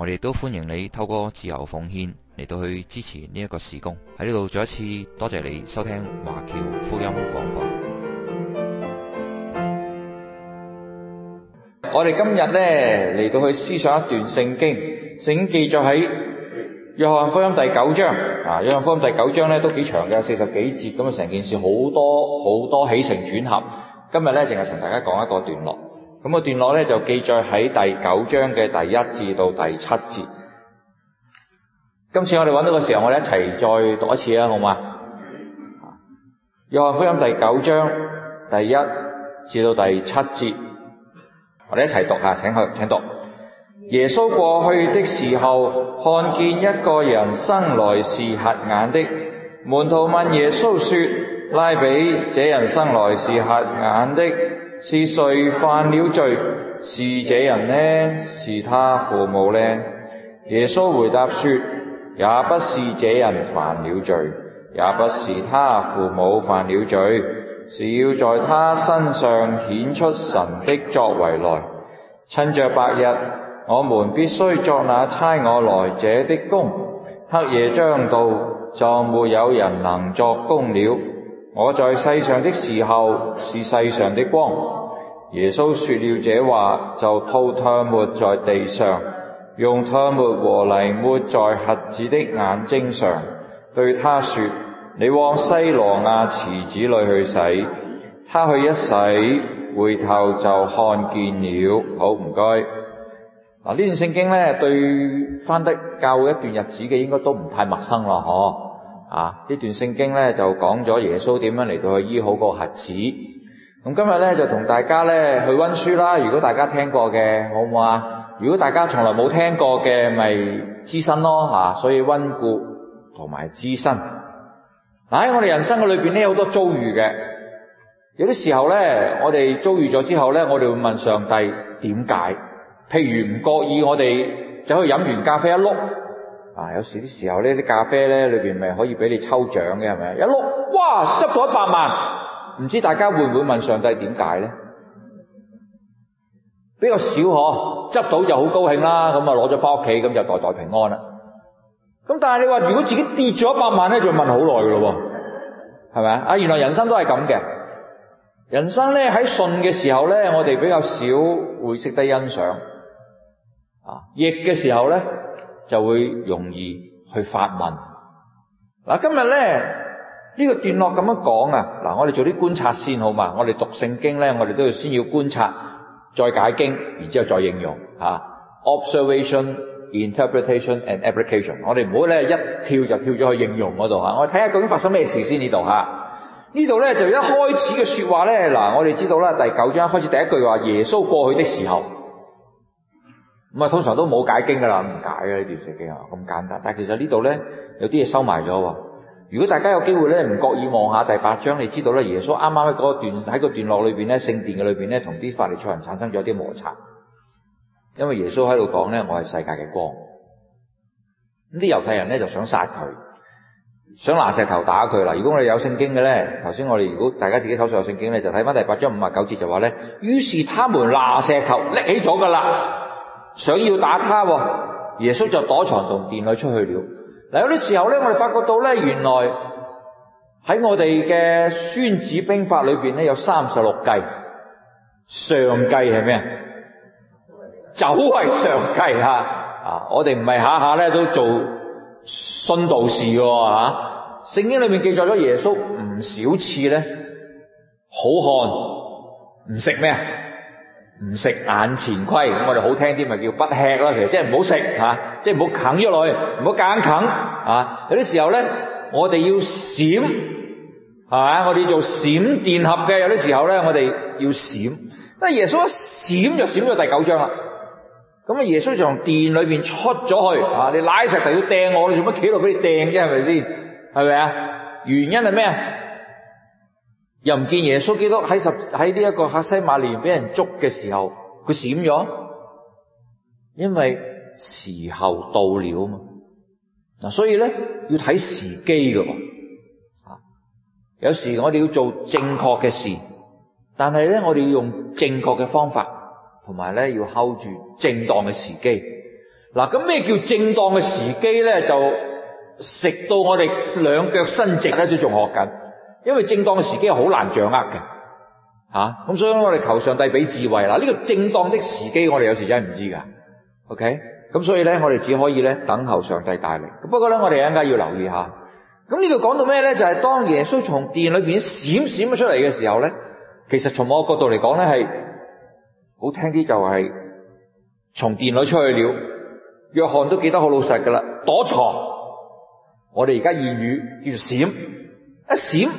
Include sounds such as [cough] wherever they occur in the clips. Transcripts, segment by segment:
我哋都歡迎你透過自由奉獻嚟到去支持呢一個事工。喺呢度再一次多謝你收聽華僑福音廣播。 [noise] [noise] 我哋今日呢，嚟到去思想一段聖經，聖經記載喺約翰福音第九章。啊，約翰福音第九章呢都幾長嘅，四十幾節咁啊，成件事好多好多起承轉合。今日呢，淨係同大家講一個段落。咁個段落咧就記載喺第九章嘅第一至到第七節。今次我哋揾到嘅時候，我哋一齊再讀一次啊，好啊？約翰福音第九章第一至到第七節，我哋一齊讀下。請去請讀。耶穌過去的時候，看見一個人生來是瞎眼的，門徒問耶穌說，拉比，這人生來是瞎眼的。是誰犯了罪？是這人呢？是他父母呢？耶穌回答說：也不是這人犯了罪，也不是他父母犯了罪，是要在他身上顯出神的作為來。趁着白日，我們必須作那差我來者的工；黑夜將到，就沒有人能作工了。我在世上的時候是世上的光。耶穌說了這話，就吐唾沫在地上，用唾沫和泥抹在瞎子的眼睛上，對他說：你往西羅亞池子裏去洗。他去一洗，回頭就看見了。好唔該。嗱，呢段聖經咧，對翻的教會一段日子嘅應該都唔太陌生啦，嗬。啊！呢段聖經呢，就講咗耶穌點樣嚟到去醫好個瞎子。咁今日呢，就同大家呢去温書啦。如果大家聽過嘅好唔好啊？如果大家從來冇聽過嘅咪知新咯吓。所以温故同埋知新。喺我哋人生嘅裏邊咧，好多遭遇嘅。有啲時候呢，我哋遭遇咗之後呢，我哋會問上帝點解？譬如唔覺意我哋就去飲完咖啡一碌。嗱，有時啲時候呢啲咖啡咧裏邊咪可以俾你抽獎嘅，係咪？一碌，哇，執到一百萬，唔知大家會唔會問上帝點解咧？比較少嗬，執到就好高興啦，咁啊攞咗翻屋企，咁就代代平安啦。咁但係你話如果自己跌咗一百萬咧，就問好耐㗎咯喎，係咪啊？原來人生都係咁嘅。人生咧喺順嘅時候咧，我哋比較少會識得欣賞，啊，逆嘅時候咧，就會容易去發問。嗱，今日呢，呢個段落咁樣講啊，嗱，我哋做啲觀察先好嘛。我哋讀聖經呢，我哋都要先要觀察，再解經，然之後再應用啊。Observation, interpretation and application。我哋唔好呢一跳就跳咗去應用嗰度吓。我睇下究竟發生咩事先呢度吓。呢度呢，就一開始嘅說話呢。嗱，我哋知道啦，第九章開始第一句話，耶穌過去的時候。咁啊，通常都冇解經噶啦，唔解嘅呢段聖經啊，咁簡單。但係其實呢度咧有啲嘢收埋咗喎。如果大家有機會咧，唔覺意望下第八章，你知道咧，耶穌啱啱喺嗰段喺個段落裏邊咧，聖殿嘅裏邊咧，同啲法利賽人產生咗啲摩擦，因為耶穌喺度講咧，我係世界嘅光。咁啲猶太人咧就想殺佢，想拿石頭打佢啦。如果我哋有聖經嘅咧，頭先我哋如果大家自己手上有聖經咧，就睇翻第八章五十九節就話咧，於是他們拿石頭拎起咗噶啦。想要打他，耶穌就躲藏同殿裏出去了。嗱，有啲時候咧，我哋發覺到咧，原來喺我哋嘅《孫子兵法》裏邊咧，有三十六計，上計係咩啊？走為上計吓啊！我哋唔係下下咧都做殉道士嘅吓。聖經裏面記載咗耶穌唔少次咧，好漢唔食咩啊？唔食眼前虧，咁我哋好聽啲咪，就是，叫不吃啦。其實即係唔好食吓，即係唔好啃咗佢，唔好夾硬啃。啊，有啲時候咧，我哋要閃，係、啊、咪？我哋做閃電俠嘅，有啲時候咧，我哋要閃。但係耶穌一閃就閃咗第九章啦。咁啊，耶穌就從殿裏邊出咗去。啊，你拉石頭就要掟我，你做乜企喺度俾你掟啫？係咪先？係咪啊？原因係咩啊？又唔見耶穌基督喺十喺呢一個客西馬尼俾人捉嘅時候，佢閃咗，因為時候到了啊嘛。嗱，所以咧要睇時機噶。啊，有時我哋要做正確嘅事，但係咧我哋要用正確嘅方法，同埋咧要 hold 住正當嘅時機。嗱、啊，咁咩叫正當嘅時機咧？就食到我哋兩腳伸直咧，都仲學緊。因為正當嘅時機係好難掌握嘅，吓、啊、咁所以我哋求上帝俾智慧啦。呢、這個正當的時機我哋有時真係唔知噶，OK？咁所以咧我哋只可以咧等候上帝帶嚟。不過咧我哋一陣間要留意下。咁呢度講到咩咧？就係、是、當耶穌從殿裏邊閃閃咗出嚟嘅時候咧，其實從某個角度嚟講咧係好聽啲就係從殿裏出去了。約翰都記得好老實噶啦，躲藏。我哋而家言語叫做閃，一閃。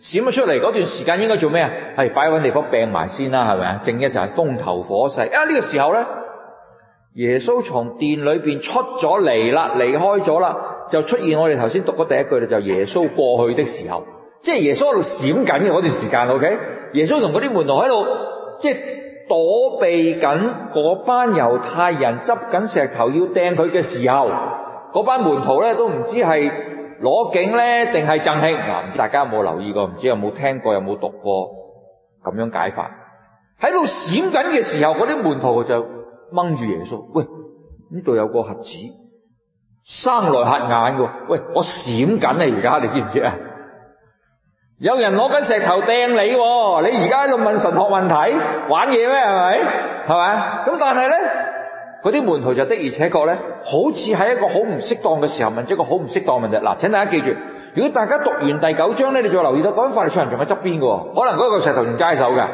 閃咗出嚟嗰段時間應該做咩啊？係快揾地方病埋先啦，係咪啊？正一就係風頭火勢啊！呢、呢個時候咧，耶穌從殿裏邊出咗嚟啦，離開咗啦，就出現我哋頭先讀嗰第一句啦，就是、耶穌過去的時候，即係耶穌喺度閃緊嘅嗰段時間，OK？耶穌同嗰啲門徒喺度，即係躲避緊嗰班猶太人執緊石頭要掟佢嘅時候，嗰班門徒咧都唔知係。攞景咧定係贈慶嗱？唔知大家有冇留意過？唔知有冇聽過？有冇讀過咁樣解法？喺度閃緊嘅時候，嗰啲門徒就掹住耶穌：喂，呢度有個瞎子，生來瞎眼嘅。喂，我閃緊你而家，你知唔知啊？有人攞緊石頭掟你，你而家喺度問神學問題玩嘢咩？係咪？係咪？咁但係咧？嗰啲門徒就的而且確咧，好似喺一個好唔適當嘅時候問，一個好唔適當問題啫。嗱，請大家記住，如果大家讀完第九章咧，你就留意到嗰班法利賽人仲喺側邊嘅喎，可能嗰個石頭仲揸喺手嘅。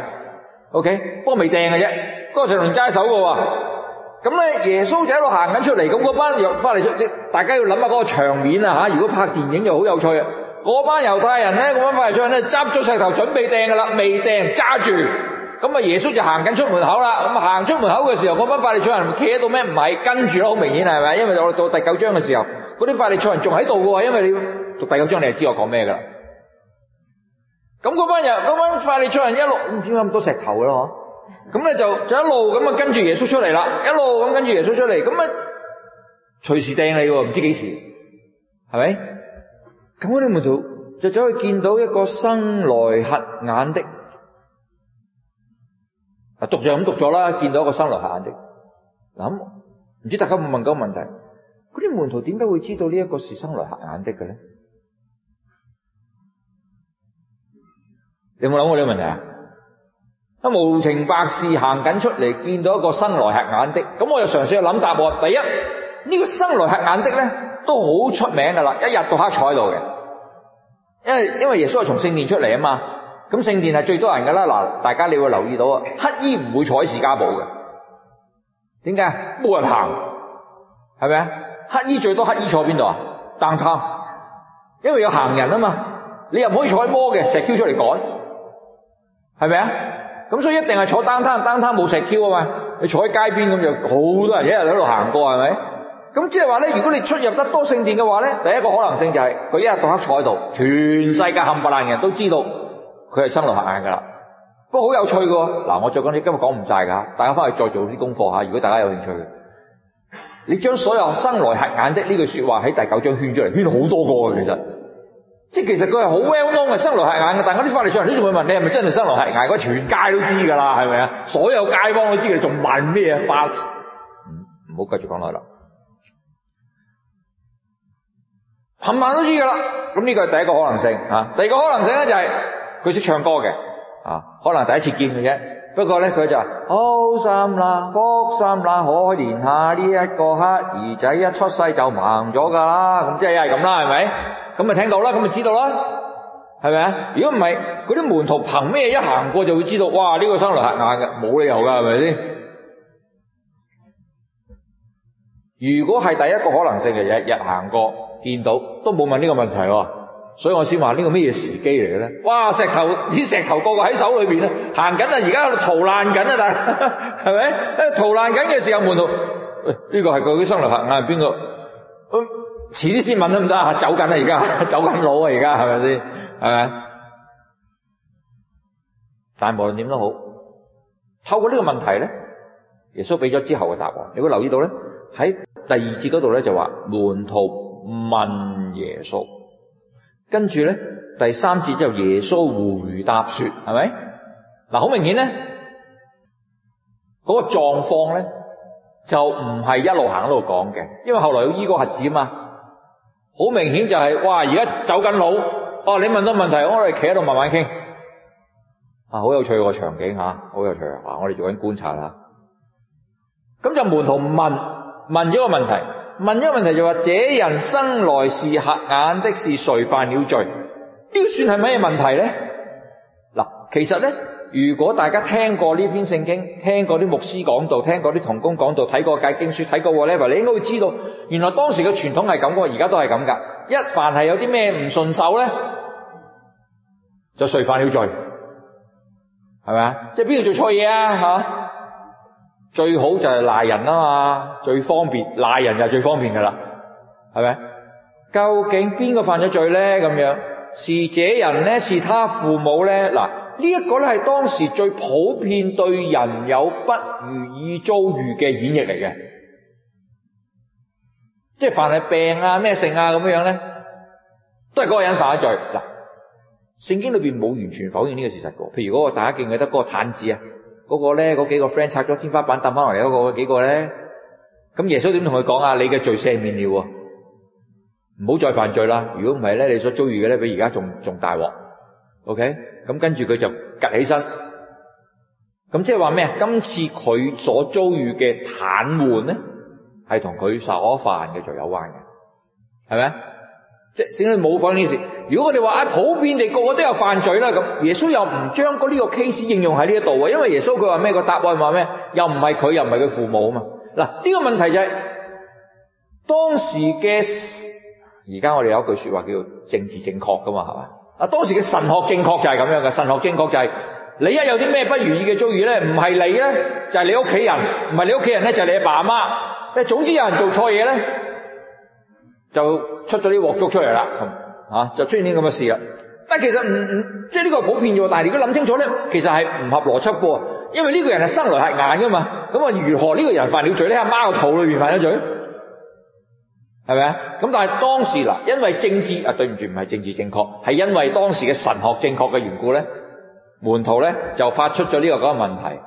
OK，不過未掟嘅啫，嗰個石頭仲揸喺手嘅喎。咁咧，耶穌就喺度行緊出嚟，咁嗰班法利賽人，大家要諗下嗰個場面啊嚇！如果拍電影就好有趣啊。嗰班猶太人咧，嗰班法利賽人咧，執咗石頭準備掟嘅啦，未掟揸住。咁啊！耶穌就行緊出門口啦。咁啊，行出門口嘅時候，嗰班法利賽人企喺度咩？唔係跟住咯，好明顯係咪？因為我到第九章嘅時候，嗰啲法利賽人仲喺度噶。因為你讀第九章，你就知我講咩噶啦。咁嗰班人，嗰班法利賽人一路唔知有咁多石頭嘅嗬。咁咧就就一路咁啊，跟住耶穌出嚟啦。一路咁跟住耶穌出嚟，咁啊隨時掟你喎，唔知幾時係咪？咁我哋門徒就走去見到一個生來瞎眼的。諗，讀就咁讀咗啦，見到一個生來瞎眼的。諗唔知大家有冇問過個問題？嗰啲門徒點解會知道呢一個是生來瞎眼的嘅咧？你有冇諗過呢個問題啊？啊，無情百事行緊出嚟，見到一個生來瞎眼的，咁我又嘗試去諗答案。第一，呢個生來瞎眼的咧，都好出名噶啦，一日到黑坐喺度嘅，因為因為耶穌係從聖殿出嚟啊嘛。咁聖殿係最多人㗎啦！嗱，大家你會留意到啊，乞衣唔會坐喺時家寶嘅，點解？冇人行，係咪啊？乞衣最多乞衣坐邊度啊？蛋攤，因為有行人啊嘛，你又唔可以坐喺波嘅，石 Q 出嚟趕，係咪啊？咁所以一定係坐蛋攤，蛋攤冇石 Q 啊嘛，你坐喺街邊咁就好多人一日喺度行過，係咪？咁即係話咧，如果你出入得多聖殿嘅話咧，第一個可能性就係、是、佢一日到黑坐喺度，全世界冚唪唥人都知道。佢係生來瞎眼噶啦，不過好有趣噶。嗱，我再講啲，今日講唔晒噶，大家翻去再做啲功課吓。如果大家有興趣，你將所有生來瞎眼的呢句說話喺第九章圈出嚟，圈好多個嘅。其實，即係其實佢係好 well known 嘅生來瞎眼嘅。但係啲法律上，人你仲會問你係咪真係生來瞎眼？嗰全街都知噶啦，係咪啊？所有街坊都知，你仲問咩法？唔唔好繼續講落去啦，冚唪唥都知噶啦。咁呢個係第一個可能性吓、啊，第二個可能性咧就係、是。佢識唱歌嘅，啊，可能第一次見佢啫。不過咧，佢就好心啦，福心啦，可憐下呢一個黑兒仔一出世就盲咗噶啦。咁，嗯，即係一咁啦，係咪？咁咪聽到啦，咁咪知道啦，係咪啊？如果唔係，嗰啲門徒憑咩一行過就會知道？哇！呢，這個生來瞎眼嘅，冇理由噶，係咪先？如果係第一個可能性，就日日行過見到，都冇問呢個問題喎。所以我先話呢個咩嘢時機嚟嘅咧？哇！石頭啲石頭抱喺個個手裏邊咧，行緊啊！而家喺度逃難緊啊！但係係咪？逃難緊嘅時候，門徒呢、哎呢個係個商嚟行啊？邊個、嗯？遲啲先問得唔得啊？走緊啊！而家走緊路啊！而家係咪先？係咪？但係無論點都好，透過呢個問題咧，耶穌俾咗之後嘅答案。你會留意到咧，喺第二節嗰度咧就話門徒問耶穌。跟住咧，第三節之後，耶穌回答說：，係咪？嗱、啊，好明顯咧，嗰、那個狀況咧就唔係一路行一路講嘅，因為後來有醫個瞎子啊嘛。好明顯就係、是，哇！而家走緊路，哦、啊，你問到問題，我哋企喺度慢慢傾。啊，好有趣個場景吓，好、啊、有趣。嗱、啊啊，我哋做緊觀察啦。咁、啊、就門徒唔問，問咗個問題。問一個問題，就話、是，這人生來是瞎眼的，是誰犯了罪？呢個算係咩問題呢？嗱，其實呢，如果大家聽過呢篇聖經，聽過啲牧師講道，聽過啲童工講道，睇過解經書，睇過我咧，話你應該會知道，原來當時嘅傳統係咁嘅，而家都係咁噶。一凡係有啲咩唔順手呢？就誰犯了罪？係咪啊？即係邊度做錯嘢啊？吓！最好就係賴人啊嘛，最方便賴人就係最方便噶啦，係咪？究竟邊個犯咗罪咧？咁樣是這人咧，是他父母咧？嗱，呢一個咧係當時最普遍對人有不如意遭遇嘅演繹嚟嘅，即係犯係病啊、咩性啊咁樣咧，都係嗰個人犯咗罪。嗱，聖經裏邊冇完全否認呢個事實噶，譬如嗰個大家記唔記得嗰個探子啊。嗰個咧，嗰幾個 friend 拆咗天花板，揼翻嚟嗰個幾個咧，咁耶穌點同佢講啊？你嘅罪赦免了喎，唔好再犯罪啦。如果唔係咧，你所遭遇嘅咧，比而家仲仲大鑊。OK，咁跟住佢就趌起身。咁即係話咩啊？今次佢所遭遇嘅癱瘓咧，係同佢受咗犯嘅罪有關嘅，係咪？即係先至冇發生呢件事。如果我哋話喺普遍地個個都有犯罪啦，咁耶穌又唔將嗰呢個 case 應用喺呢一度啊。因為耶穌佢話咩？個答案話咩？又唔係佢，又唔係佢父母啊嘛。嗱呢、這個問題就係、是、當時嘅。而家我哋有一句說話叫做政治正確噶嘛，係嘛？啊，當時嘅神學正確就係咁樣嘅。神學正確就係、是、你一有啲咩不如意嘅遭遇咧，唔係你咧，就係、是、你屋企人，唔係你屋企人咧，就係、是、你阿爸阿媽。總之有人做錯嘢咧。就出咗啲鑊粥出嚟啦，咁啊就出現啲咁嘅事啦。但其實唔唔即係呢個普遍嘅，但係如果諗清楚咧，其實係唔合邏輯嘅，因為呢個人係生來瞎眼噶嘛。咁啊，如何呢個人犯了罪咧？阿、啊、媽個肚裏面犯咗罪係咪啊？咁但係當時嗱、啊，因為政治啊，對唔住唔係政治正確，係因為當時嘅神學正確嘅緣故咧，門徒咧就發出咗呢個咁嘅問題。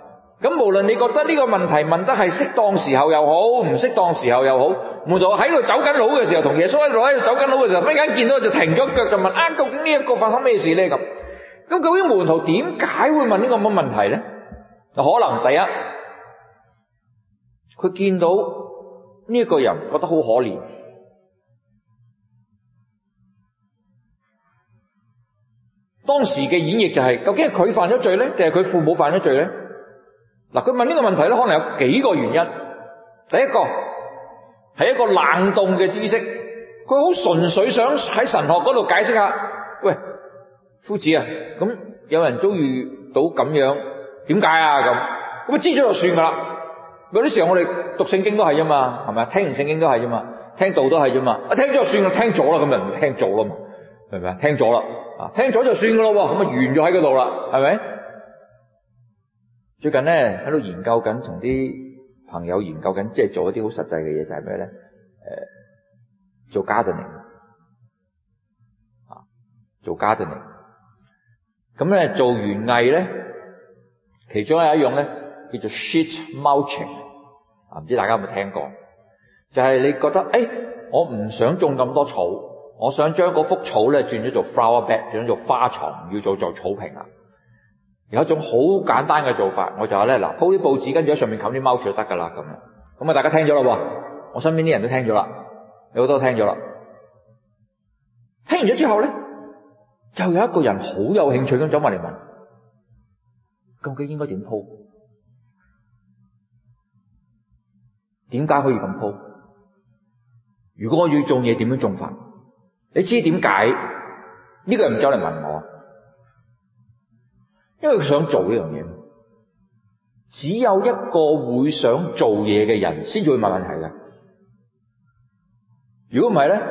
咁無論你覺得呢個問題問得係適當時候又好，唔適當時候又好，門徒喺度走緊路嘅時候，同耶穌喺度走緊路嘅時候，忽然間見到佢就停咗腳就問：啊，究竟呢一個發生咩事咧？咁咁究竟門徒點解會問呢個咁嘅問題咧？可能第一，佢見到呢一個人覺得好可憐，當時嘅演繹就係、是：究竟係佢犯咗罪咧，定係佢父母犯咗罪咧？嗱，佢問呢個問題咧，可能有幾個原因。第一個係一個冷凍嘅知識，佢好純粹想喺神學嗰度解釋下。喂，夫子啊，咁有人遭遇到咁樣，點解啊？咁咁啊，知咗就算噶啦。有啲時候我哋讀聖經都係啫嘛，係咪啊？聽完聖經都係啫嘛，聽道都係啫嘛。一聽咗就算啦，聽咗啦，咁咪唔聽咗啦嘛，明唔明啊？聽咗啦，啊，聽咗就算噶咯喎，咁啊完咗喺嗰度啦，係咪？最近咧喺度研究緊，同啲朋友研究緊，即係做一啲好實際嘅嘢，就係咩咧？誒，做 gardening 啊，做 gardening。咁咧做園藝咧，其中有一樣咧叫做 sheet mulching 啊，唔知大家有冇聽過？就係你覺得，誒，我唔想種咁多草，我想將嗰幅草咧轉咗做 flower bed，轉咗做花床，要做做草坪啦。有一種好簡單嘅做法，我就話咧嗱，鋪啲報紙，跟住喺上面冚啲貓就得噶啦咁。咁啊，大家聽咗啦，我身邊啲人都聽咗啦，好多都聽咗啦。聽完咗之後咧，就有一個人好有興趣咁走埋嚟問：究竟應該點鋪？點解可以咁鋪？如果我要做嘢，點樣種法？你知點解呢個人走嚟問我？因為佢想做呢樣嘢，只有一個會想做嘢嘅人先至會問問題嘅。如果唔係咧，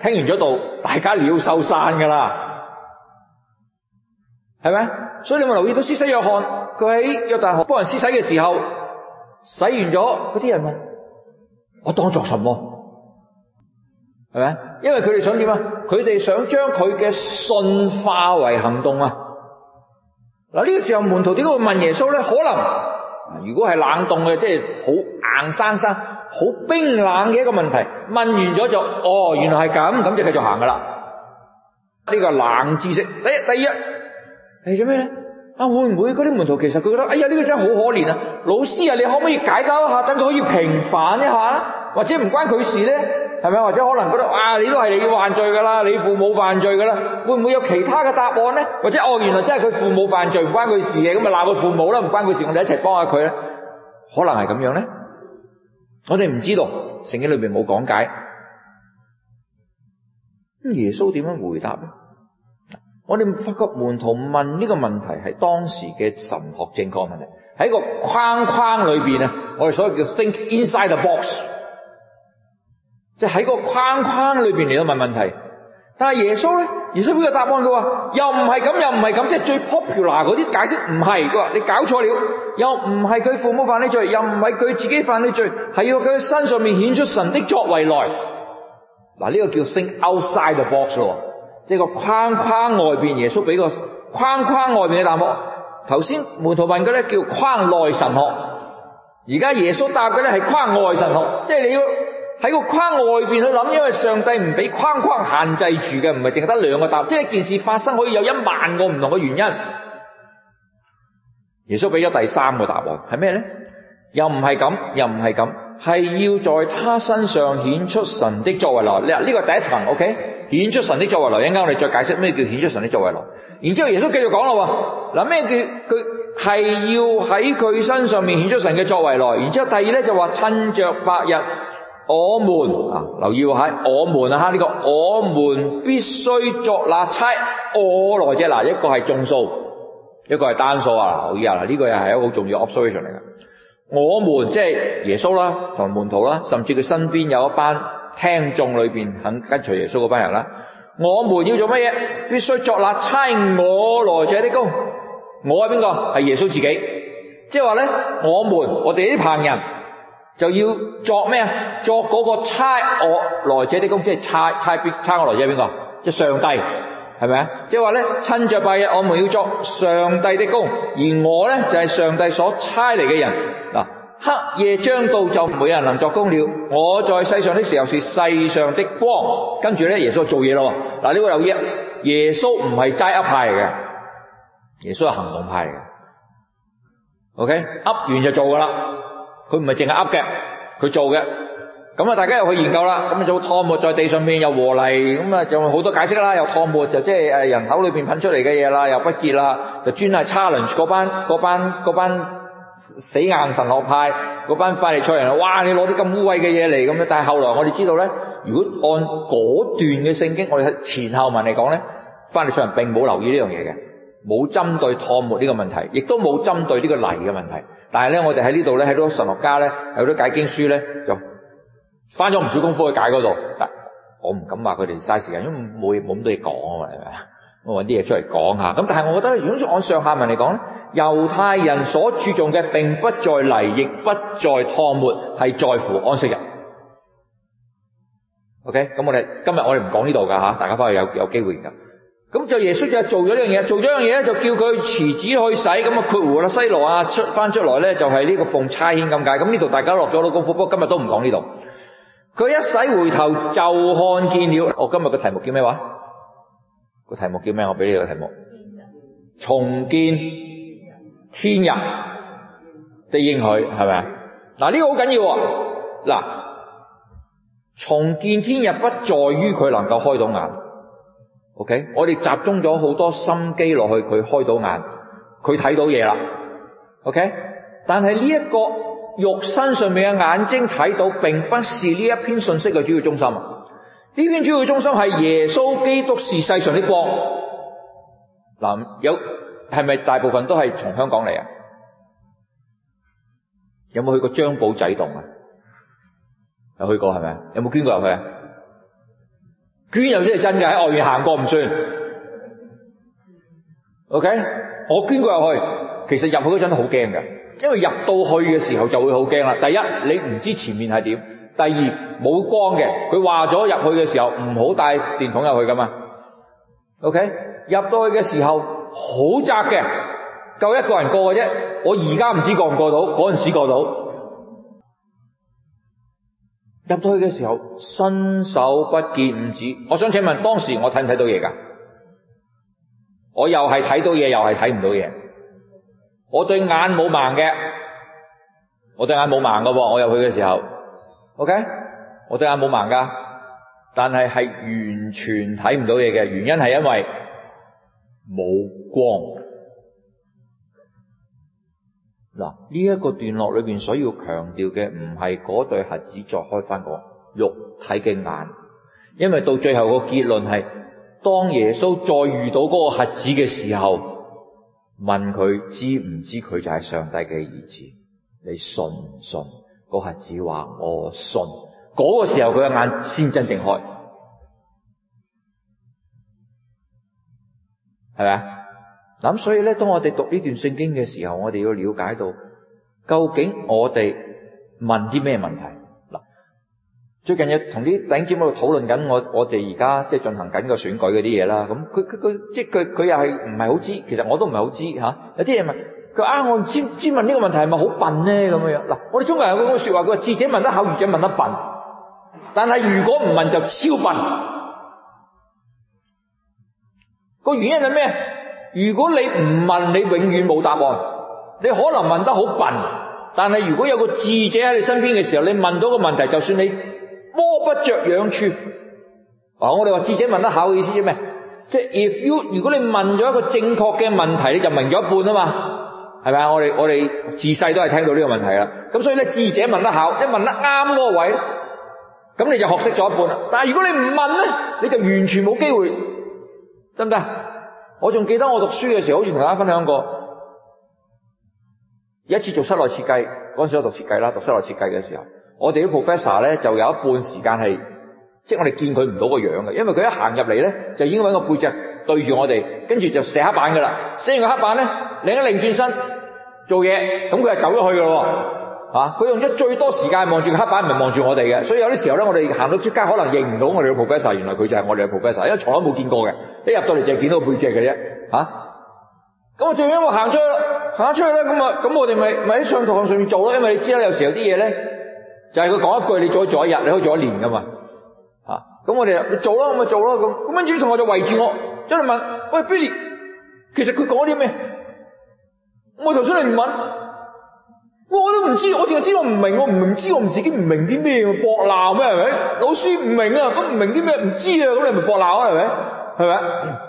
聽完咗度，大家了受散噶啦，係咪？所以你咪留意到施洗約翰佢喺約旦河幫人施洗嘅時候，洗完咗，嗰啲人問：我當作什麼、啊？係咪？因為佢哋想點啊？佢哋想將佢嘅信化為行動啊！嗱，呢個時候門徒點解會問耶穌呢？可能如果係冷凍嘅，即係好硬生生、好冰冷嘅一個問題。問完咗就，哦，原來係咁，咁就繼續行噶啦。呢、這個冷知識。哎、第一係、哎、做咩呢？啊，會唔會嗰啲門徒其實佢覺得哎呀，呢、這個真係好可憐啊！老師啊，你可唔可以解救一下，等佢可以平反一下、啊？或者唔關佢事咧，係咪？或者可能覺得啊，你都係你要犯罪噶啦，你父母犯罪噶啦，會唔會有其他嘅答案咧？或者哦，原來真係佢父母犯罪唔關佢事嘅，咁啊，鬧佢父母啦，唔關佢事，我哋一齊幫下佢啦。可能係咁樣咧，我哋唔知道聖經裏邊冇講解。耶穌點樣回答咧？我哋發覺門徒問呢個問題係當時嘅神學正確問題，喺個框框裏邊啊。我哋所謂叫 think inside the box。即喺個框框裏邊嚟到問問題，但係耶穌咧，耶穌俾個答案佢話：又唔係咁，又唔係咁，即係最 popular 嗰啲解釋唔係，佢話你搞錯了，又唔係佢父母犯啲罪，又唔係佢自己犯啲罪，係要佢身上面顯出神的作為來。嗱、這、呢個叫 think outside the box 咯，即係個框框外邊。耶穌俾個框框外邊嘅答案。頭先門徒問嘅咧叫框內神學，而家耶穌答嘅咧係框外神學，即係你要。喺個框外邊去諗，因為上帝唔俾框框限制住嘅，唔係淨係得兩個答案。即係一件事發生可以有一萬個唔同嘅原因。耶穌俾咗第三個答案，係咩咧？又唔係咁，又唔係咁，係要在他身上顯出神的作為來。呢、這、呢個係第一層，OK，顯出神的作為來。一陣間我哋再解釋咩叫顯出神的作為來。然之後耶穌繼續講咯，嗱，咩叫佢係要喺佢身上面顯出神嘅作為來？然之後第二咧就話趁着白日。我們啊，留意喺我們啊，呢、這個我們必須作那差我來者，嗱一個係眾數，一個係單數啊，留意下嗱，呢、這個又係一個好重要 observation 嚟噶。我們即係耶穌啦，同門徒啦，甚至佢身邊有一班聽眾裏邊肯跟隨耶穌嗰班人啦。我們要做乜嘢？必須作那差我來者啲工。我係邊個？係耶穌自己。即係話咧，我們我哋啲旁人，就要作咩啊？作嗰個差我來者的工，即係差差邊，差我來者係邊個？即係上帝，係咪啊？即係話咧，趁着白日，我們要作上帝的工，而我咧就係上帝所差嚟嘅人。嗱，黑夜將到就無人能作工了。我在世上的時候是世上的光，跟住咧耶穌做嘢咯。嗱，呢個留意耶穌唔係齋噏派嚟嘅，耶穌係行動派嚟嘅。OK，噏完就做噶啦。佢唔係淨係噏嘅，佢做嘅。咁啊，大家又去研究啦。咁做唾沫在地上面又和泥，咁啊，就好多解釋啦。又唾沫就即係誒人口裏邊噴出嚟嘅嘢啦，又不潔啦，就專係 challenge 嗰班嗰班嗰班死硬神學派嗰班法利賽人，哇！你攞啲咁污穢嘅嘢嚟咁樣。但係後來我哋知道咧，如果按嗰段嘅聖經，我哋喺前後文嚟講咧，法利賽人並冇留意呢樣嘢嘅。冇針對唾沫呢個問題，亦都冇針對呢個泥嘅問題。但係咧，我哋喺呢度咧，喺嗰神學家咧，有啲解經書咧，就翻咗唔少功夫去解嗰度。但係我唔敢話佢哋嘥時間，因為冇冇咁多嘢講啊嘛，係咪啊？咁我揾啲嘢出嚟講下。咁但係，我覺得如果按上下文嚟講咧，猶太人所注重嘅並不在泥，亦不在唾沫，係在乎安息日。OK，咁我哋今日我哋唔講呢度噶嚇，大家翻去有有機會噶。咁就耶穌就做咗呢樣嘢，做咗呢樣嘢咧，就叫佢池子去洗，咁啊括弧啦，西羅啊出翻出來咧，就係呢個奉差遣咁解。咁呢度大家落咗老功夫。不過今日都唔講呢度。佢一洗回頭就看見了。我、哦、今日嘅題目叫咩話？個題目叫咩？我俾你個題目：重見天日的應許，係咪啊？嗱、這、呢個好緊要啊！嗱，重見天日不在於佢能夠開到眼。OK，我哋集中咗好多心機落去，佢開到眼，佢睇到嘢啦。OK，但係呢一個肉身上面嘅眼睛睇到，並不是呢一篇信息嘅主要中心。呢篇主要中心係耶穌基督是世上的光。嗱，有係咪大部分都係從香港嚟啊？有冇去過張保仔洞啊？有去過係咪？有冇捐過入去啊？捐入先係真嘅，喺外面行過唔算。OK，我捐過入去，其實入去嗰陣都好驚㗎，因為入到去嘅時候就會好驚啦。第一，你唔知前面係點；第二，冇光嘅。佢話咗入去嘅時候唔好帶電筒入去噶嘛。OK，入到去嘅時候好窄嘅，夠一個人過嘅啫。我而家唔知過唔過到，嗰陣時過到。入到去嘅時候，伸手不見五指。我想請問，當時我睇唔睇到嘢噶？我又係睇到嘢，又係睇唔到嘢。我對眼冇盲嘅，我對眼冇盲噶。我入去嘅時候，OK，我對眼冇盲噶，但係係完全睇唔到嘢嘅原因係因為冇光。嗱，呢一個段落裏邊所要強調嘅唔係嗰對孩子再開翻個肉體嘅眼，因為到最後個結論係當耶穌再遇到嗰個孩子嘅時候，問佢知唔知佢就係上帝嘅兒子，你信唔信？嗰個孩子話我信，嗰個時候佢嘅眼先真正開，係咪？咁所以咧，當我哋讀呢段聖經嘅時候，我哋要了解到究竟我哋問啲咩問題。嗱，最近有同啲頂尖喺度討論緊，我我哋而家即係進行緊個選舉嗰啲嘢啦。咁佢佢佢即係佢佢又係唔係好知？其實我都唔係好知吓。有啲人問佢啊，我唔知，知，知問呢個問題係咪好笨咧？咁樣樣嗱，我哋中國人有句說話，佢話智者問得口，愚者問得笨。但係如果唔問就超笨。個原因係咩？如果你唔問，你永遠冇答案。你可能問得好笨，但係如果有個智者喺你身邊嘅時候，你問到個問題，就算你摸不着癢處。啊、哦，我哋話智者問得巧嘅意思係咩？即係 if you 如果你問咗一個正確嘅問題，你就明咗一半啊嘛，係咪啊？我哋我哋自細都係聽到呢個問題啦。咁所以咧，智者問得巧，一問得啱嗰個位，咁你就學識咗一半啦。但係如果你唔問咧，你就完全冇機會，得唔得？我仲記得我讀書嘅時候，好似同大家分享過，一次做室內設計，嗰陣時我讀設計啦，讀室內設計嘅時候，我哋啲 professor 咧就有一半時間係，即係我哋見佢唔到個樣嘅，因為佢一行入嚟咧就已經揾個背脊對住我哋，跟住就寫黑板噶啦，寫完個黑板咧，你一擰轉身做嘢，咁佢就走咗去噶咯。啊！佢用咗最多時間望住個黑板，唔係望住我哋嘅。所以有啲時候咧，我哋行到出街，可能認唔到我哋嘅 professor，原來佢就係我哋嘅 professor，因為從來冇見過嘅。一入到嚟就係見到背脊嘅啫。嚇、啊！咁我最屘我行出，去行出去咧，咁啊，咁我哋咪咪喺上堂上面做咯。因為你知啦，有時候啲嘢咧，就係、是、佢講一句，你做咗一日，你可以做一年㗎嘛。啊！咁我哋做咯，咁咪做咯咁。跟住啲同學就圍住我，即係問：喂 Billy，其實佢講啲咩？我頭先你唔問。我都唔知，我淨係知道我唔明，我唔明，我知我唔自己唔明啲咩博鬧咩係咪？老師唔明啊，咁唔明啲咩唔知啊，咁你咪博鬧啊？係咪？係咪？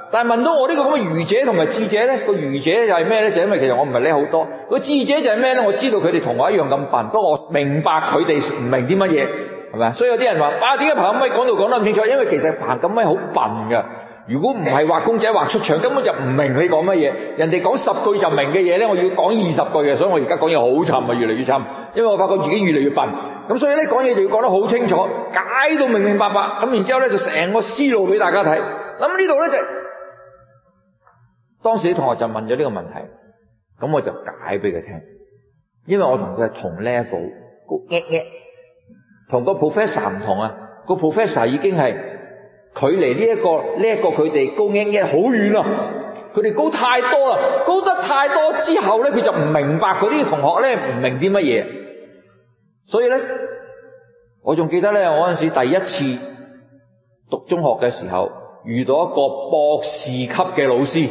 但係問到我呢個咁嘅愚者同埋智者咧，個愚者又係咩咧？就因為其實我唔係叻好多。個智者就係咩咧？我知道佢哋同我一樣咁笨，不過我明白佢哋唔明啲乜嘢係咪？所以有啲人話：啊，點解彭錦威講到講得咁清楚？因為其實彭錦威好笨㗎。如果唔係畫公仔畫出場，根本就唔明你講乜嘢。人哋講十句就明嘅嘢咧，我要講二十句嘅，所以我而家講嘢好沉啊，越嚟越沉。因為我發覺自己越嚟越笨，咁所以咧，講嘢就要講得好清楚，解到明明白白。咁然之後咧就成個思路俾大家睇。咁呢度咧就當時啲同學就問咗呢個問題，咁我就解俾佢聽，因為我同佢係同 level，嘅同個 professor 唔同啊，個 professor 已經係。距離呢、這、一個呢一、這個佢哋高啱嘅好遠啊，佢哋高太多啦，高得太多之後咧，佢就唔明白佢啲同學咧唔明啲乜嘢。所以咧，我仲記得咧，我嗰陣時第一次讀中學嘅時候，遇到一個博士級嘅老師。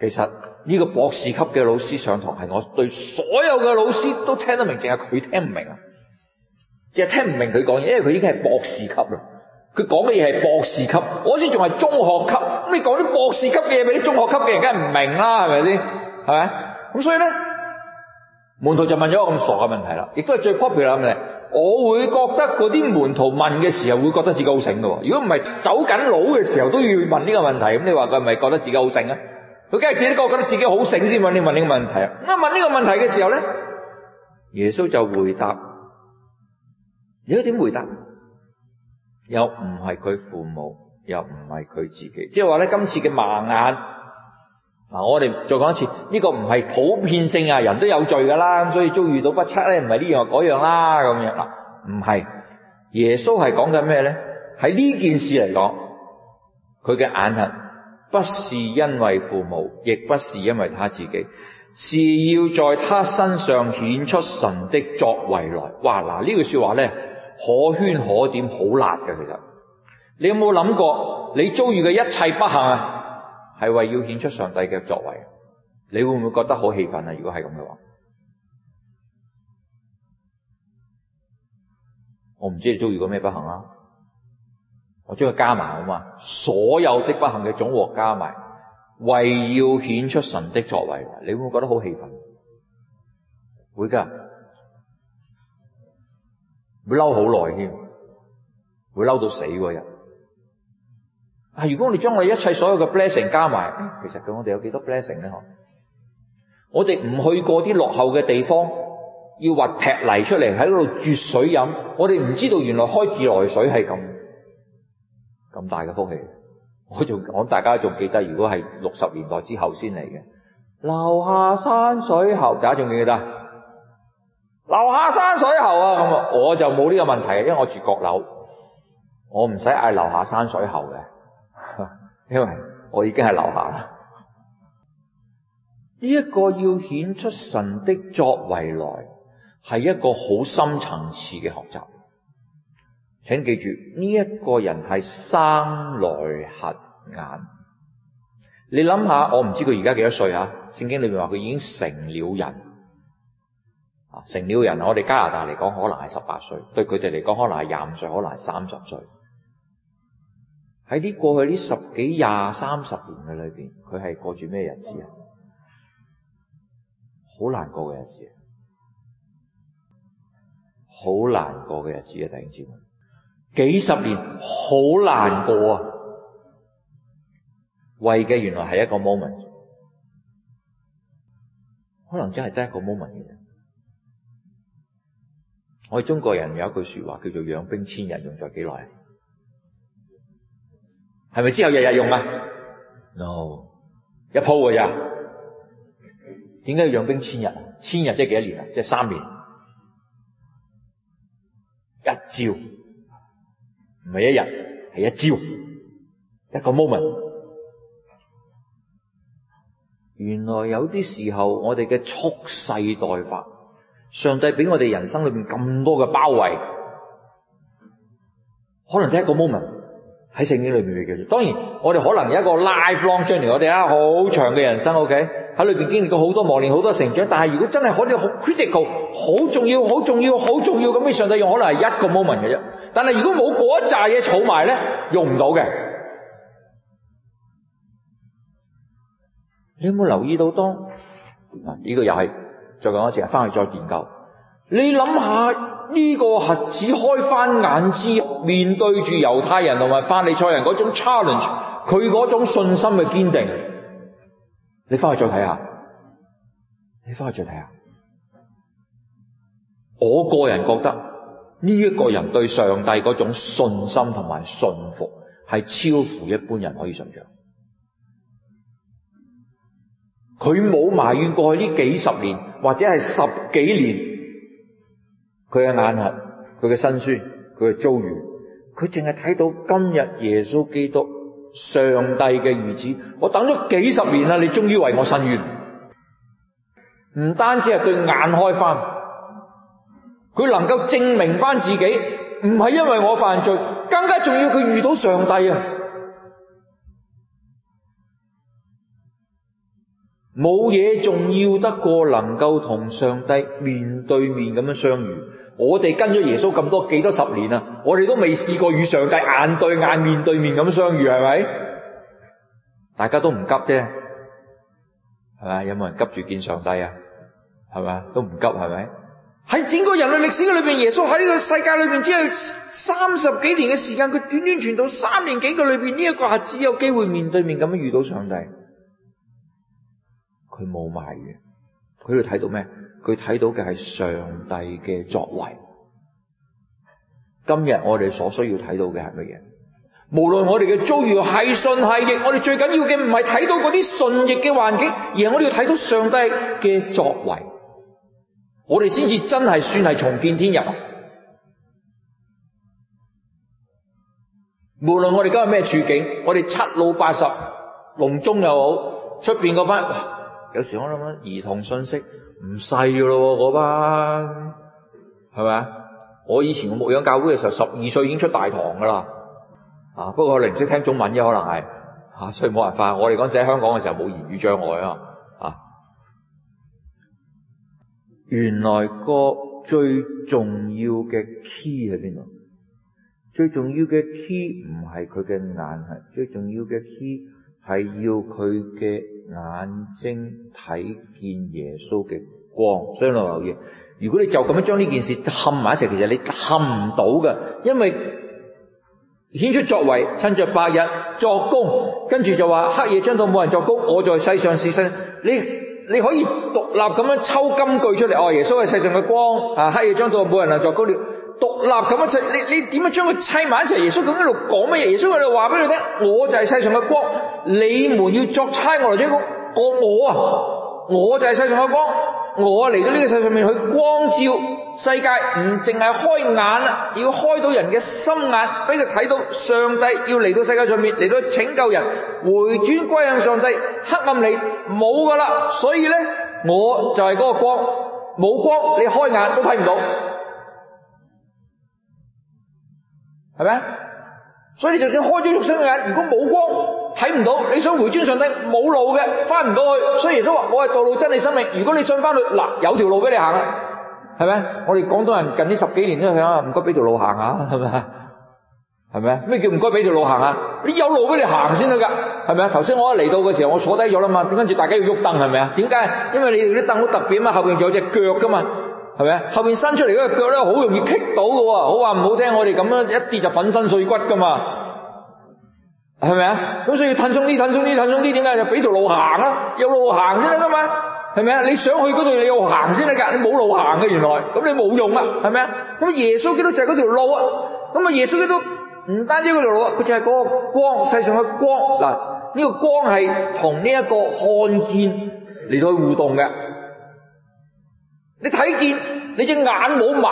其實呢個博士級嘅老師上堂係我對所有嘅老師都聽得明，淨係佢聽唔明，啊，即係聽唔明佢講嘢，因為佢已經係博士級啦。佢講嘅嘢係博士級，我先仲係中學級。咁你講啲博士級嘅嘢俾啲中學級嘅人，梗係唔明啦，係咪先？係咪？咁所以咧，門徒就問咗個咁傻嘅問題啦，亦都係最 popular 嘅問題。我會覺得嗰啲門徒問嘅時候，會覺得自己好醒嘅喎。如果唔係，走緊路嘅時候都要問呢個問題，咁你話佢係咪覺得自己好醒啊？佢梗係自己覺得自己好醒先問你問呢個問題啊！一問呢個問題嘅時候咧，耶穌就回答：，你點回答？又唔係佢父母，又唔係佢自己，即係話咧，今次嘅盲眼，嗱，我哋再講一次，呢個唔係普遍性啊，人都有罪噶啦，咁所以遭遇到不測咧，唔係呢樣嗰樣啦，咁樣啦，唔係耶穌係講緊咩咧？喺呢件事嚟講，佢嘅眼瞎不是因為父母，亦不是因為他自己，是要在他身上顯出神的作為來。哇！嗱，呢句說話咧。可圈可點，好辣㗎。其實。你有冇諗過，你遭遇嘅一切不幸啊，係為要顯出上帝嘅作為？你會唔會覺得好氣憤啊？如果係咁嘅話，我唔知你遭遇過咩不幸啊。我將佢加埋啊嘛，所有的不幸嘅總和加埋，為要顯出神的作為，你會唔會覺得好氣憤？會噶。會嬲好耐添，會嬲到死嗰日。啊！如果我哋將我一切所有嘅 blessing 加埋，其實我哋有幾多 blessing 咧？我哋唔去過啲落後嘅地方，要挖劈泥出嚟喺度啜水飲，我哋唔知道原來開自來水係咁咁大嘅福氣。我仲我諗大家仲記得，如果係六十年代之後先嚟嘅，樓下山水合仔仲記唔記得？樓下山水喉啊！咁啊，我就冇呢個問題，因為我住閣樓，我唔使嗌樓下山水喉嘅，因為我已經係樓下啦。呢一 [laughs] 個要顯出神的作為來，係一個好深層次嘅學習，請記住呢一、這個人係生來瞎眼。你諗下，我唔知佢而家幾多歲吓？聖經裏面話佢已經成了人。成了人，我哋加拿大嚟講可能係十八歲，對佢哋嚟講可能係廿五歲，可能係三十歲。喺呢過去呢十幾廿三十年嘅裏邊，佢係過住咩日子啊？好難過嘅日子，好難過嘅日子啊！弟兄姊妹，幾十年好難過啊！為嘅原來係一個 moment，可能真係得一個 moment 嘅。我哋中國人有一句說話叫做「養兵千日」，用咗幾耐？係咪之後日日用啊？No，一鋪啊！點解要養兵千日啊？千日即係幾多年啊？即係三年，一朝，唔係一日，係一朝。一個 moment。原來有啲時候我哋嘅蓄勢待發。上帝俾我哋人生裏邊咁多嘅包圍，可能係一個 moment 喺聖經裏面。嘅當然，我哋可能有一個 life long journey。我哋啊好長嘅人生，OK 喺裏面經歷過好多磨練、好多成長。但係如果真係可以好 critical 好重要、好重要、好重要咁，上帝用可能係一個 moment 嘅啫。但係如果冇嗰一紮嘢儲埋咧，用唔到嘅。你有冇留意到當呢、這個又係？再講一次，翻去再研究。你諗下呢個核子開翻眼之，面對住猶太人同埋法利賽人嗰種 challenge，佢嗰種信心嘅堅定，你翻去再睇下，你翻去再睇下。我個人覺得呢一個人對上帝嗰種信心同埋信服，係超乎一般人可以想象。佢冇埋怨過去呢幾十年或者係十幾年，佢嘅眼核、佢嘅辛酸、佢嘅遭遇，佢淨係睇到今日耶穌基督上帝嘅如子兒子。我等咗幾十年啦，你終於為我伸冤。唔單止係對眼開翻，佢能夠證明翻自己，唔係因為我犯罪，更加仲要佢遇到上帝啊！冇嘢仲要得過能夠同上帝面對面咁樣相遇。我哋跟咗耶穌咁多幾多十年啊，我哋都未試過與上帝眼對眼、面對面咁相遇，係咪？大家都唔急啫，係咪？有冇人急住見上帝啊？係咪？都唔急，係咪？喺整個人類歷史嘅裏邊，耶穌喺呢個世界裏邊只有三十幾年嘅時間，佢短短傳到三年幾個裏邊，呢一個係只有機會面對面咁樣遇到上帝。佢冇埋怨，佢哋睇到咩？佢睇到嘅係上帝嘅作為。今日我哋所需要睇到嘅係乜嘢？無論我哋嘅遭遇係順係逆，我哋最緊要嘅唔係睇到嗰啲順逆嘅環境，而係我哋要睇到上帝嘅作為，我哋先至真係算係重見天日。無論我哋今日咩處境，我哋七老八十、龍鍾又好，出邊嗰班。有時我諗，兒童信息唔細噶咯，嗰班係咪啊？我以前我牧養教會嘅時候，十二歲已經出大堂噶啦啊。不過我哋唔識聽中文啫，可能係啊，所以冇辦法。我哋嗰時喺香港嘅時候冇言語障礙啊啊。原來個最重要嘅 key 喺邊度？最重要嘅 key 唔係佢嘅眼，最重要嘅 key 係要佢嘅。眼睛睇見耶穌嘅光，所以老友，如果你就咁樣將呢件事冚埋一齊，其實你冚唔到嘅，因為顯出作為，趁着白日作工，跟住就話黑夜將到冇人作工，我在世上事身，你你可以獨立咁樣抽金句出嚟，哦，耶穌係世上嘅光，啊，黑夜將到冇人能作工了。獨立咁一齊，你你點樣將佢砌埋一齊？耶穌咁一路講乜嘢？耶穌佢就話俾你聽，我就係世上的光，你們要作差我嚟啫，光我啊，我就係世上的光，我嚟到呢個世上面去光照世界，唔淨係開眼，要開到人嘅心眼，俾佢睇到上帝要嚟到世界上面，嚟到拯救人，回轉歸向上帝，黑暗嚟冇噶啦，所以呢，我就係嗰個光，冇光你開眼都睇唔到。係咪？所以你就算開咗肉身眼，如果冇光睇唔到，你想回轉上帝冇路嘅，翻唔到去。所以耶穌話：我係道路真理生命。如果你想翻去，嗱有條路俾你行啊，係咪？我哋廣東人近呢十幾年都向啊，唔該俾條路行下，係咪？係咪？咩叫唔該俾條路行下？你有路俾你行先得噶，係咪啊？頭先我一嚟到嘅時候，我坐低咗啦嘛，跟住大家要喐凳，係咪啊？點解？因為你哋啲凳好特別啊嘛，後邊仲有隻腳噶嘛。係咪啊？後面伸出嚟嗰隻腳咧，好容易棘到嘅喎。好話唔好聽，我哋咁樣一跌就粉身碎骨噶嘛。係咪啊？咁所以褪鬆啲，褪鬆啲，褪鬆啲，點解？就俾條路行啦，啊，有路行先得㗎嘛。係咪啊？你想去嗰度，你要行先得噶，你冇路行嘅原來。咁你冇用啊，係咪啊？咁耶穌基督就係嗰條路啊。咁啊，耶穌基督唔單止嗰條路啊，佢就係嗰個光，世上嘅光。嗱，呢、這個光係同呢一個看見嚟到去互動嘅。你睇見你隻眼冇盲，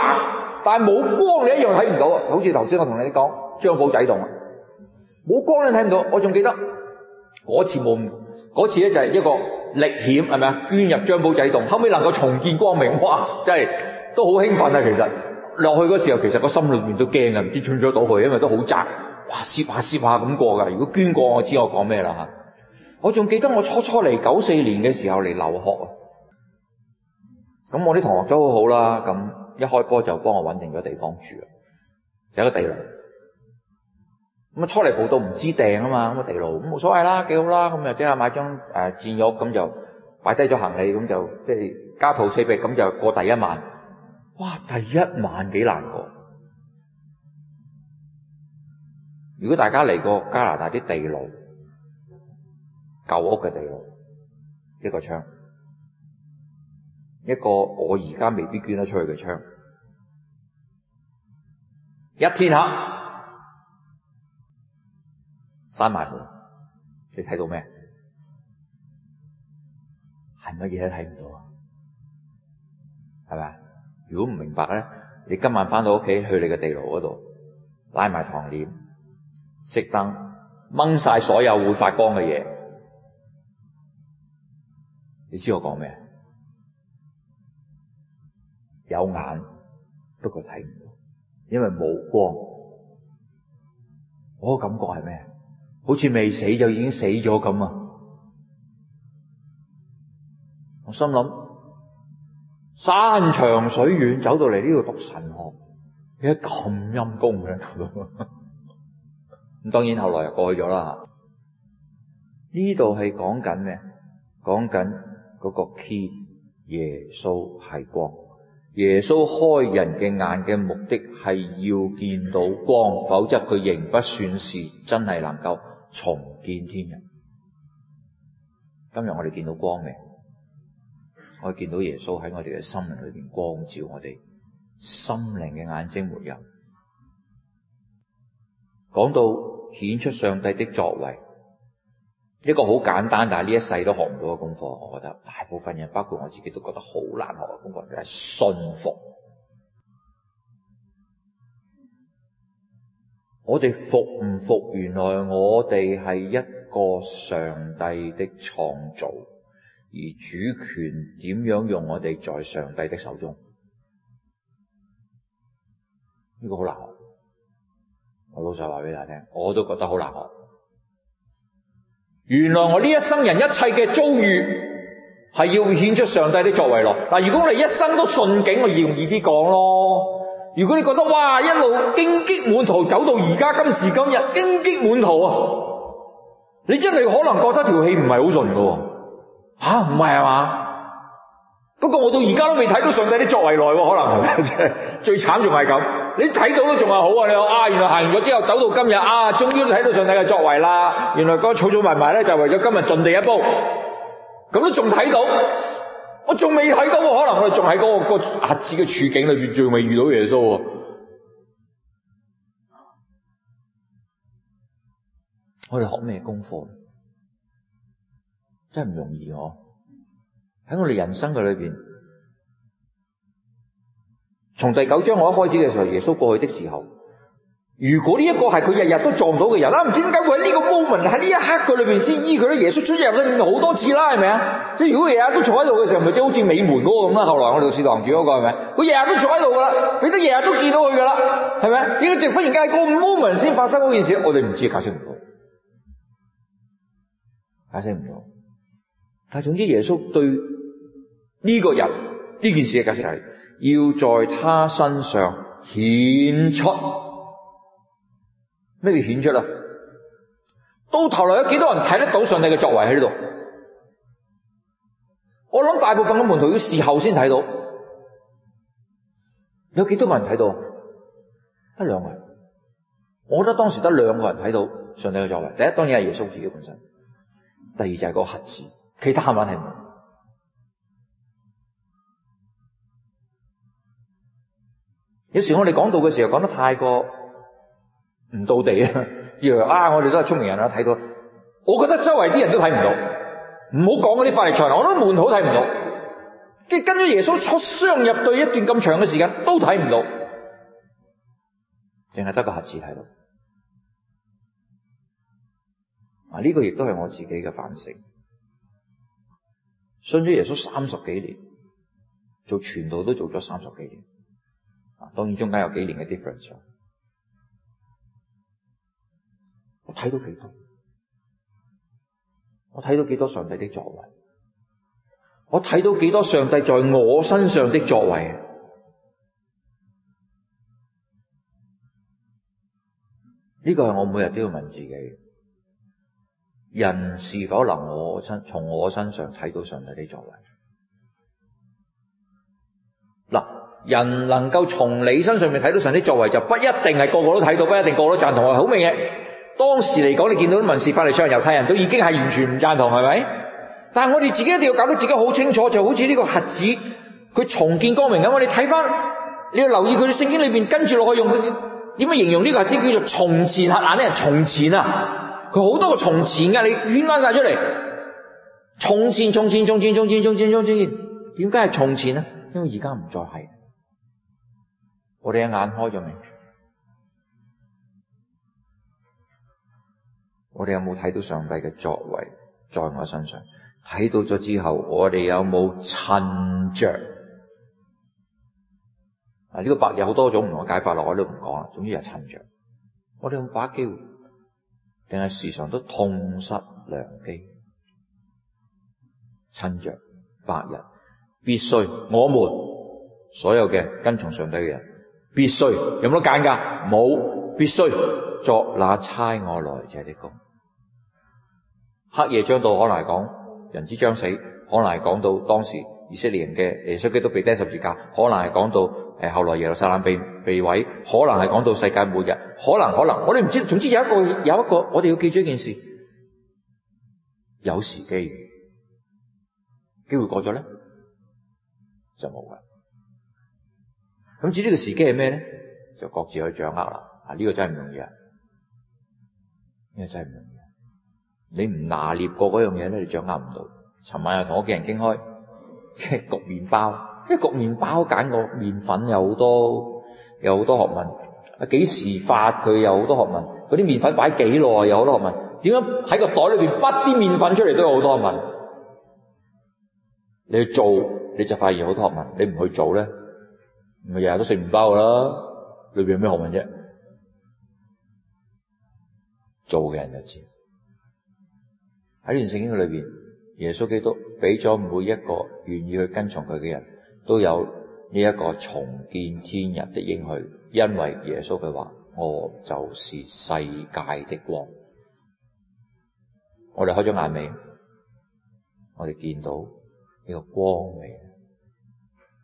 但係冇光，你一樣睇唔到啊！好似頭先我同你講張寶仔洞啊，冇光你睇唔到。我仲記得嗰次冇，嗰次咧就係一個歷險，係咪啊？捐入張寶仔洞，後尾能夠重見光明，哇！真係都好興奮啊！其實落去嗰時候，其實個心裏面都驚啊，唔知鑽咗到去，因為都好窄。哇！攝下攝下咁過噶。如果捐過，我知我講咩啦吓。我仲記得我初初嚟九四年嘅時候嚟留學啊。咁我啲同學都好好啦，咁一開波就幫我穩定咗地方住，有一個地牢。咁啊初嚟報到唔知定啊嘛，咁個地牢咁冇所謂啦，幾好啦，咁又即刻買張誒戰屋，咁就擺低咗行李，咁就即係家徒四壁，咁就過第一晚。哇，第一晚幾難過！如果大家嚟過加拿大啲地牢、舊屋嘅地牢，一個窗。一個我而家未必捐得出去嘅窗。一天黑，閂埋門，你睇到咩？係乜嘢都睇唔到，係咪？如果唔明白咧，你今晚返到屋企去你嘅地牢嗰度，拉埋糖簾，熄燈，掹晒所有會發光嘅嘢，你知我講咩？有眼，不過睇唔到，因為冇光。我感覺係咩？好似未死就已經死咗咁啊！我心諗，山長水遠走到嚟呢度讀神學，點解咁陰功嘅咧？咁 [laughs] 當然後來又過去咗啦。呢度係講緊咩？講緊嗰個 key，耶穌係光。耶穌開人嘅眼嘅目的係要見到光，否則佢仍不算是真係能夠重見天日。今日我哋見到光明，我見到耶穌喺我哋嘅心靈裏邊光照我哋心靈嘅眼睛沒，沒有講到顯出上帝的作為。一個好簡單，但係呢一世都學唔到嘅功課，我覺得大部分人，包括我自己，都覺得好難學嘅功課就係信服。我哋服唔服？原來我哋係一個上帝的創造，而主權點樣用我哋在上帝的手中？呢個好難學。我老實話俾大家聽，我都覺得好難學。原來我呢一生人一切嘅遭遇係要顯出上帝啲作為來嗱。如果我哋一生都順境，我容易啲講咯。如果你覺得哇，一路荊棘滿途走到而家，今時今日荊棘滿途啊，你真係可能覺得條氣唔係好順噶吓，唔係係嘛？不過我到而家都未睇到上帝啲作為來，可能最慘仲係咁。你睇到都仲係好啊！你話啊，原來行咗之後走到今日啊，終於睇到上帝嘅作為啦！原來嗰草草埋埋咧就係為咗今日盡地一步，咁都仲睇到，我仲未睇到喎。可能我哋仲喺嗰個、個瞎子嘅處境啦，仲未遇到耶穌。 [noise] [noise] 我哋學咩功課？真係唔容易哦！喺我哋人生嘅裏邊。從第九章我一開始嘅時候，耶穌過去的時候，如果呢一個係佢日日都撞唔到嘅人，啦唔知點解會喺呢個 moment，喺呢一刻佢裏邊先醫佢咧？耶穌出入身好多次啦，係咪啊？即係如果日日都坐喺度嘅時候，咪即係好似美門嗰個咁啦？後來我哋讀使徒行傳嗰、那個係咪？佢日日都坐喺度噶啦，俾得日日都見到佢噶啦，係咪？點解直忽然間喺個 moment 先發生嗰件事？我哋唔知解釋唔到，解釋唔到。但係總之，耶穌對呢個人呢件事嘅解釋係。要在他身上顯出，咩叫顯出咧？到頭來有幾多人睇得到上帝嘅作為喺呢度？我諗大部分嘅門徒要事後先睇到，到，有幾多個人睇到？一兩個人，我覺得當時得兩個人睇到上帝嘅作為。第一當然係耶穌自己本身，第二就係個瞎子，其他冇問題。有時我哋講道嘅時候講得太過唔到地啊，以為啊我哋都係聰明人啦，睇到，我覺得周圍啲人都睇唔到，唔好講嗰啲法律牆，我都門徒睇唔到，跟跟住耶穌出雙入對一段咁長嘅時間都睇唔到，淨係得個十字睇到。啊，呢、這個亦都係我自己嘅反省，信咗耶穌三十幾年，做傳道都，都做咗三十幾年。當然中間有幾年嘅 difference，我睇到幾多，我睇到幾多上帝的作為，我睇到幾多上帝在我身上的作為，呢個係我每日都要問自己：人是否能我身從我身上睇到上帝的作為？嗱。人能夠從你身上面睇到神啲作為，就不一定係個個都睇到，不一定個個都贊同啊。好明嘅當時嚟講，你見到啲文士、法利賽人、猶太人都已經係完全唔贊同，係咪？但係我哋自己一定要搞得自己好清楚，就是、好似呢個瞎子，佢重見光明咁。我哋睇翻，你要留意佢聖經裏邊跟住落去用佢點樣形容呢個瞎子，叫做從前瞎眼人從前啊，佢好多個從前噶、啊，你圈翻晒出嚟，從前從前從前從前從前從前，點解係從前咧？因為而家唔再係。我哋一眼開咗未？我哋有冇睇到上帝嘅作為在我身上？睇到咗之後，我哋有冇趁着？啊？呢個白日好多種唔同嘅解法，落，我都唔講啦。總之就趁着。我哋用把握機會，定係時常都痛失良機。趁着，白日，必須我們所有嘅跟從上帝嘅人。必須有冇得揀噶？冇，必須作那差我來者啲工。黑夜將到，可能係講人之將死，可能係講到當時以色列人嘅耶穌基督被釘十字架，可能係講到誒，後來耶路撒冷被被毀，可能係講到世界末日，可能可能我哋唔知。總之有一個有一個，我哋要記住一件事，有時機，機會過咗咧就冇啦。咁至於呢個時機係咩咧？就各自去掌握啦。啊，呢、呢個真係唔容易啊！呢、呢個真係唔容易、啊。你唔拿捏過嗰樣嘢咧，你掌握唔到。尋晚又同屋企人傾開，即焗麵包。因為焗麵包揀個麵，麵粉有好多，有好多學問。啊，幾時發佢有好多學問。嗰啲麵粉擺幾耐有好多學問。點解喺個袋裏邊剝啲麵粉出嚟都有好多學問？你去做你就發現好多學問。你唔去做咧？咪日日都食唔包噶咯，裏邊有咩學問啫？做嘅人就知。喺呢段聖經裏邊，耶穌基督俾咗每一個願意去跟從佢嘅人都有呢一個重見天日的應許，因為耶穌佢話：我就是世界的光。我哋開咗眼尾，我哋見到呢個光明。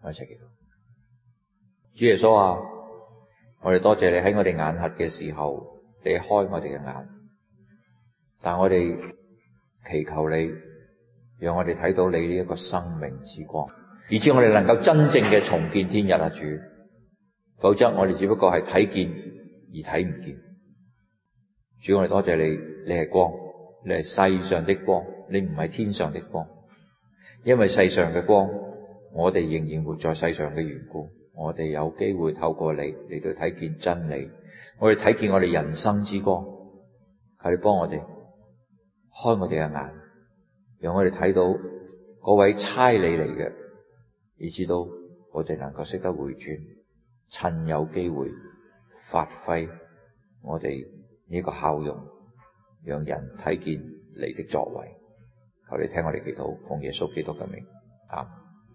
我哋一齊見。主耶穌啊，我哋多謝你喺我哋眼瞎嘅時候，你開我哋嘅眼。但我哋祈求你，讓我哋睇到你呢一個生命之光，以致我哋能夠真正嘅重見天日啊！主，否則我哋只不過係睇見而睇唔見。主，我哋多謝你，你係光，你係世上的光，你唔係天上的光，因為世上嘅光，我哋仍然活在世上嘅緣故。我哋有機會透過你嚟到睇見真理，我哋睇見我哋人生之光，求你幫我哋開我哋嘅眼，讓我哋睇到嗰位差你嚟嘅，以至到我哋能夠識得回轉，趁有機會發揮我哋呢個效用，讓人睇見你的作為，求你聽我哋祈禱，奉耶穌基督嘅名，阿們！